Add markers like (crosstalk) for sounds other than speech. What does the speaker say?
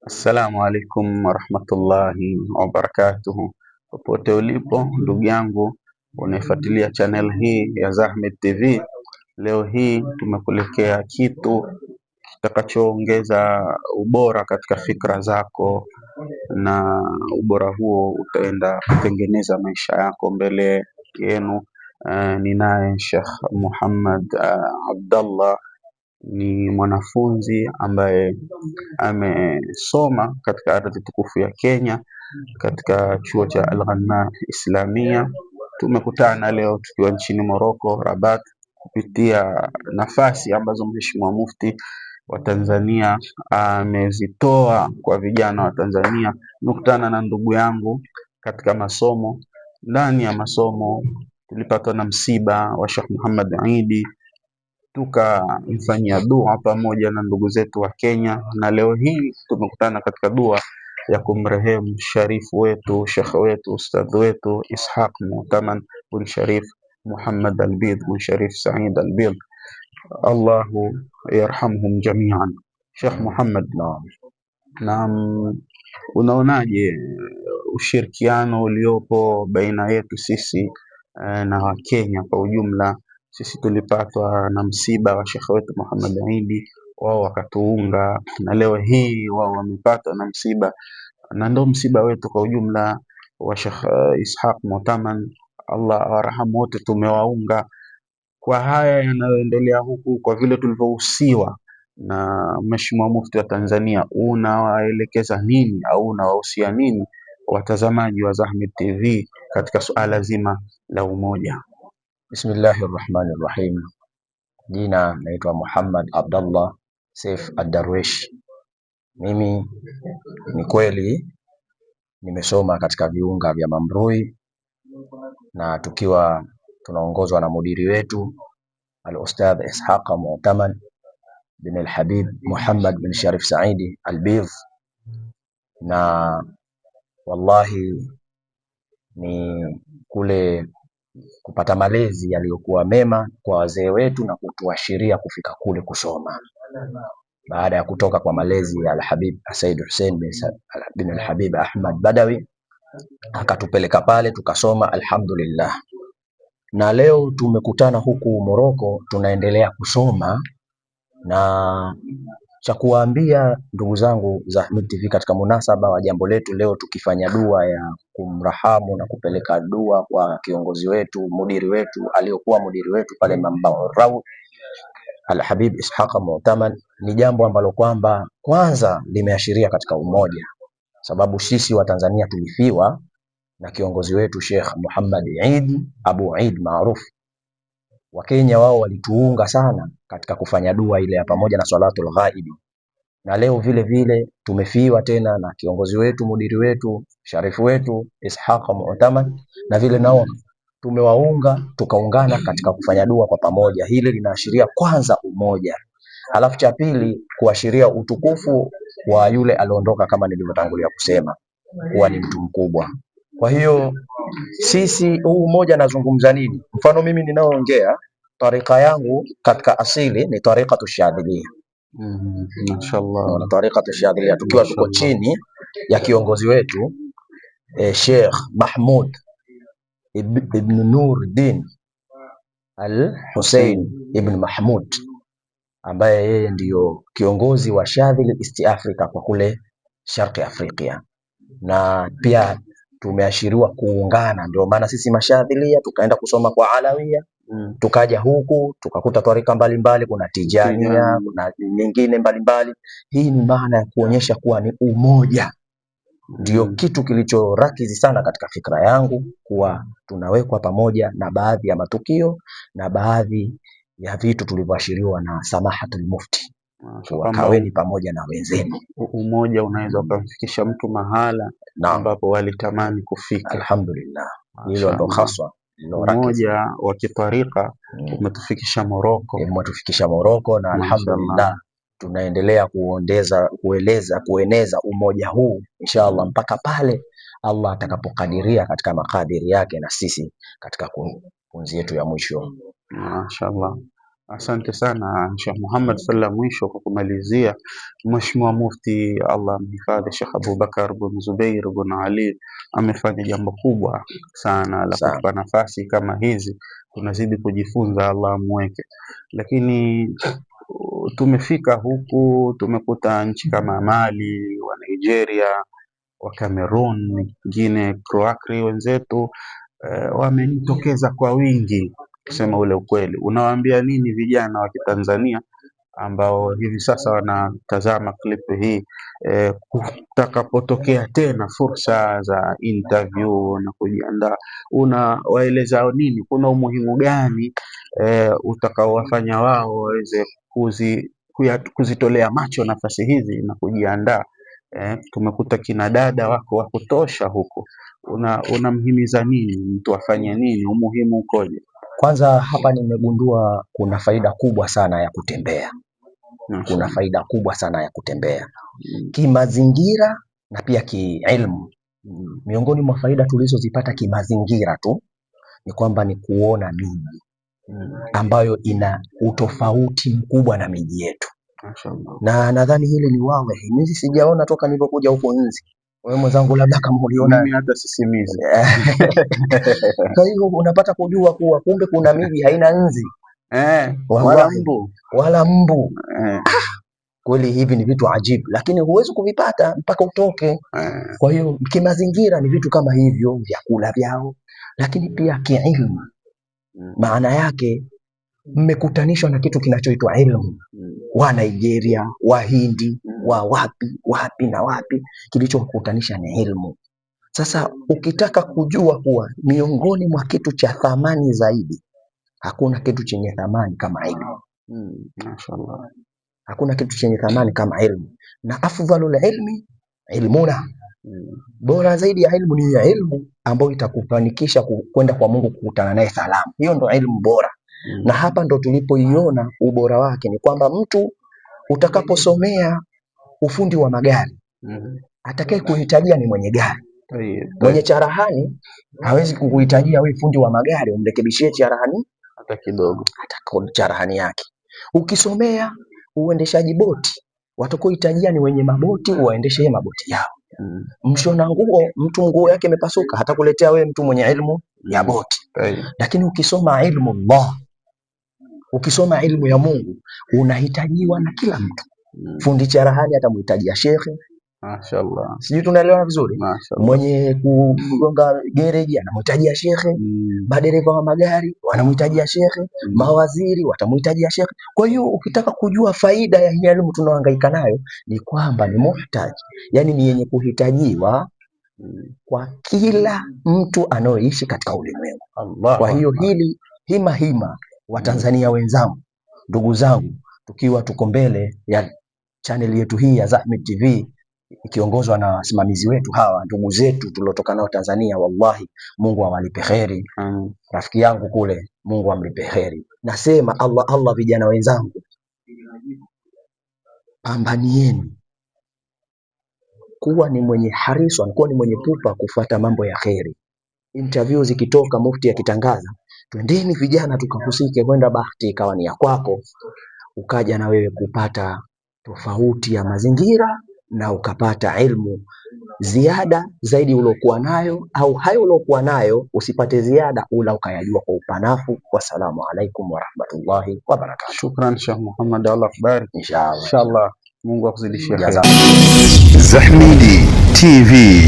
Assalamu alaikum warahmatullahi wabarakatuhu, popote ulipo ndugu yangu unaefuatilia channel hii ya Zahmid TV. Leo hii tumekuletea kitu kitakachoongeza ubora katika fikra zako, na ubora huo utaenda kutengeneza maisha yako mbele yenu. Uh, ninaye Sheikh Muhammad uh, Abdallah ni mwanafunzi ambaye amesoma katika ardhi tukufu ya Kenya katika chuo cha al ghanna Islamia. Tumekutana leo tukiwa nchini Morocco Rabat, kupitia nafasi ambazo Mheshimiwa Mufti wa Tanzania amezitoa kwa vijana wa Tanzania. Nimekutana na ndugu yangu katika masomo. Ndani ya masomo tulipatwa na msiba wa Sheikh Muhammad Idi tukamfanyia dua pamoja na ndugu zetu wa Kenya, na leo hii tumekutana katika dua ya kumrehemu sharifu wetu shekhe wetu ustadhi wetu Ishaq Mutaman bin Sharif Muhammad Albid bin Sharif Said Albid, Allahu yarhamhum jamian. Sheikh Muhammad, na unaonaje ushirikiano uliopo baina yetu sisi eh, na Wakenya kwa ujumla sisi tulipatwa na msiba wa shekhe wetu Muhammad Aidi, wao wakatuunga, na leo hii wao wamepatwa na msiba, na ndo msiba wetu kwa ujumla wa Shekh eh, Ishaq Mutaman, Allah awarahamu wote, tumewaunga kwa haya yanayoendelea huku, kwa vile tulivyohusiwa na Mheshimiwa Mufti wa Tanzania. Unawaelekeza nini au unawahusia nini watazamaji wa Zahmid TV katika suala zima la umoja? Bismillahi rahmani rahim. Jina naitwa Muhammad Abdallah Saif Adarwesh. Mimi ni kweli nimesoma katika viunga vya Mambrui, na tukiwa tunaongozwa na mudiri wetu Al-Ustadh Ishaqa Mu'taman bin Al-Habib Muhammad bin Sharif Saidi Al-Bidh, na wallahi ni kule kupata malezi yaliyokuwa mema kwa wazee wetu na kutuashiria kufika kule kusoma. Baada ya kutoka kwa malezi ya Alhabib Said Hussein bin Alhabib Ahmad Badawi, akatupeleka pale tukasoma, alhamdulillah. Na leo tumekutana huku Moroko, tunaendelea kusoma na cha kuwaambia ndugu zangu za Ahmed TV katika munasaba wa jambo letu leo, tukifanya dua ya kumrahamu na kupeleka dua kwa kiongozi wetu mudiri wetu aliyokuwa mudiri wetu pale Mambarau Alhabib Ishaqa Mu'taman, ni jambo ambalo kwamba kwanza limeashiria katika umoja, sababu sisi wa Tanzania tulifiwa na kiongozi wetu Sheikh Muhammad Eid Abu Eid maarufu Wakenya wao walituunga sana katika kufanya dua ile ya pamoja na swalatul ghaibi, na leo vile vile tumefiwa tena na kiongozi wetu, mudiri wetu, sharifu wetu Ishaq Mu'tamar, na vile nao tumewaunga tukaungana katika kufanya dua kwa pamoja. Hili linaashiria kwanza umoja, alafu cha pili kuashiria utukufu wa yule aliondoka, kama nilivyotangulia kusema kuwa ni mtu mkubwa. Kwa hiyo sisi, huu mmoja anazungumza nini? Mfano mimi ninaoongea, tarika yangu katika asili ni tarikatu tushadhilia mm, inshallah, tukiwa tuko chini ya kiongozi wetu eh, Sheikh Mahmud ibn Nuruddin Al Hussein ibn Mahmud ambaye yeye ndiyo kiongozi wa Shadhili East Africa kwa kule Sharqi Afrika na pia tumeashiriwa kuungana, ndio maana sisi mashadhilia tukaenda kusoma kwa alawia mm. tukaja huku tukakuta tarika mbalimbali, kuna tijania, kuna nyingine mbalimbali. Hii ni maana ya kuonyesha kuwa ni umoja ndio mm. kitu kilichorakizi sana katika fikra yangu kuwa tunawekwa pamoja na baadhi ya matukio na baadhi ya vitu tulivyoashiriwa na samahatul mufti wakaweni pamoja na wenzenu. Umoja unaweza mm. ukamfikisha mtu mahala na ambapo walitamani kufika. Alhamdulillah, hilo ndo haswa umoja wa kitarika mm. umetufikisha Moroko, yaani umetufikisha Moroko na alhamdulillah tunaendelea kuondeza, kueleza, kueneza umoja huu inshallah mm. mpaka pale Allah atakapokadiria katika makadiri yake na sisi katika kunzi yetu ya mwisho. Mashaallah. Asante sana Sheikh Muhammad Salla, mwisho kwa kumalizia, Mheshimiwa Mufti, Allah amhifadhi, Sheikh Abubakar bin Zubair bin Ali amefanya jambo kubwa sana la kupa nafasi kama hizi, tunazidi kujifunza, Allah amweke. Lakini tumefika huku tumekuta nchi kama Mali wa Nigeria wa Cameroon, wengine Croatia wenzetu eh, wamejitokeza kwa wingi kusema ule ukweli. Unawaambia nini vijana wa Kitanzania ambao hivi sasa wanatazama clip hii e, kutakapotokea tena fursa za interview na kujiandaa, unawaeleza nini? Kuna umuhimu gani e, utakaowafanya wao waweze kuzi, kuzitolea macho nafasi hizi na kujiandaa? E, tumekuta kina dada wako wa kutosha huku, unamhimiza una nini mtu afanye nini? Umuhimu ukoje? Kwanza hapa nimegundua kuna faida kubwa sana ya kutembea kuna faida kubwa sana ya kutembea mm. kimazingira na pia kielimu mm. miongoni mwa faida tulizozipata kimazingira tu ni kwamba ni kuona miji mm. ambayo ina utofauti mkubwa na miji yetu na nadhani hili ni wawe mimi sijaona toka nilipokuja huko nzi wewe mwenzangu, labda kama uliona mimi hata sisimizi. (laughs) Kwa hiyo unapata kujua kuwa kumbe kuna miji haina nzi eh, wala mbu wala mbu eh. Kweli hivi ni vitu ajibu, lakini huwezi kuvipata mpaka utoke eh. Kwa hiyo kimazingira ni vitu kama hivyo, vyakula vyao, lakini pia kiilmu mm. Maana yake mmekutanishwa na kitu kinachoitwa ilmu mm. Wa Nigeria, Wahindi wa wapi wapi na wapi, kilichokutanisha ni ilmu. Sasa ukitaka kujua kuwa miongoni mwa kitu cha thamani zaidi, hakuna kitu chenye thamani kama ilmu. Hmm, hakuna kitu chenye thamani kama ilmu, na afdhalul ilmi ilmuna Hmm. Bora zaidi ya ilmu ni ya ilmu ambayo itakufanikisha kwenda kwa Mungu kukutana naye salamu. Hiyo ndo ilmu bora hmm. Na hapa ndo tulipoiona ubora wake ni kwamba mtu utakaposomea ufundi wa magari mm. Atakaye kuhitajia ni mwenye gari yeah. Mwenye charahani hawezi kukuhitajia wewe fundi wa magari umrekebishie charahani hata kidogo, hata charahani yake. Ukisomea uendeshaji boti, watakuhitajia ni wenye maboti waendeshe maboti yao mm. Mshona nguo, mtu nguo yake imepasuka, hatakuletea wewe mtu mwenye elimu ya boti yeah. Lakini ukisoma ilmu Allah, ukisoma ilmu ya Mungu unahitajiwa na kila mtu Mm. fundi cherehani atamhitajia shekhe Mashaallah. Sijui tunaelewana vizuri. Mashaallah. Mwenye kugonga gereji anamhitajia shekhe, mm. madereva wa magari wanamhitajia shekhe, mm. mawaziri watamhitajia shekhe. Kwa hiyo ukitaka kujua faida ya hii elimu tunaohangaika nayo ni kwamba ni muhtaji, yaani ni yenye kuhitajiwa mm. kwa kila mtu anaoishi katika ulimwengu. Kwa hiyo hili hima hima Watanzania mm. wenzangu, ndugu zangu, tukiwa tuko mbele ya channel yetu hii ya Zahmid TV ikiongozwa na wasimamizi wetu hawa ndugu zetu tuliotoka nao Tanzania. Wallahi, Mungu awalipe wa kheri. mm. rafiki yangu kule, Mungu amlipe kheri. Nasema Allah Allah, vijana wenzangu, pambanieni kuwa ni mwenye harisan, kuwa ni mwenye pupa kufuata mambo ya kheri. Interview zikitoka, mufti akitangaza, twendeni vijana tukahusike, kwenda bahati ikawa ni ya kwako, ukaja na wewe kupata tofauti ya mazingira na ukapata elimu ziada zaidi uliokuwa nayo au hayo uliokuwa nayo usipate ziada, ula ukayajua kwa upanafu. Wassalamu alaikum warahmatullahi wabarakatuh. Shukran Sheikh Muhammad, Allah kubariki. Inshallah, inshallah Mungu akuzidishie khair. Zahmidi TV.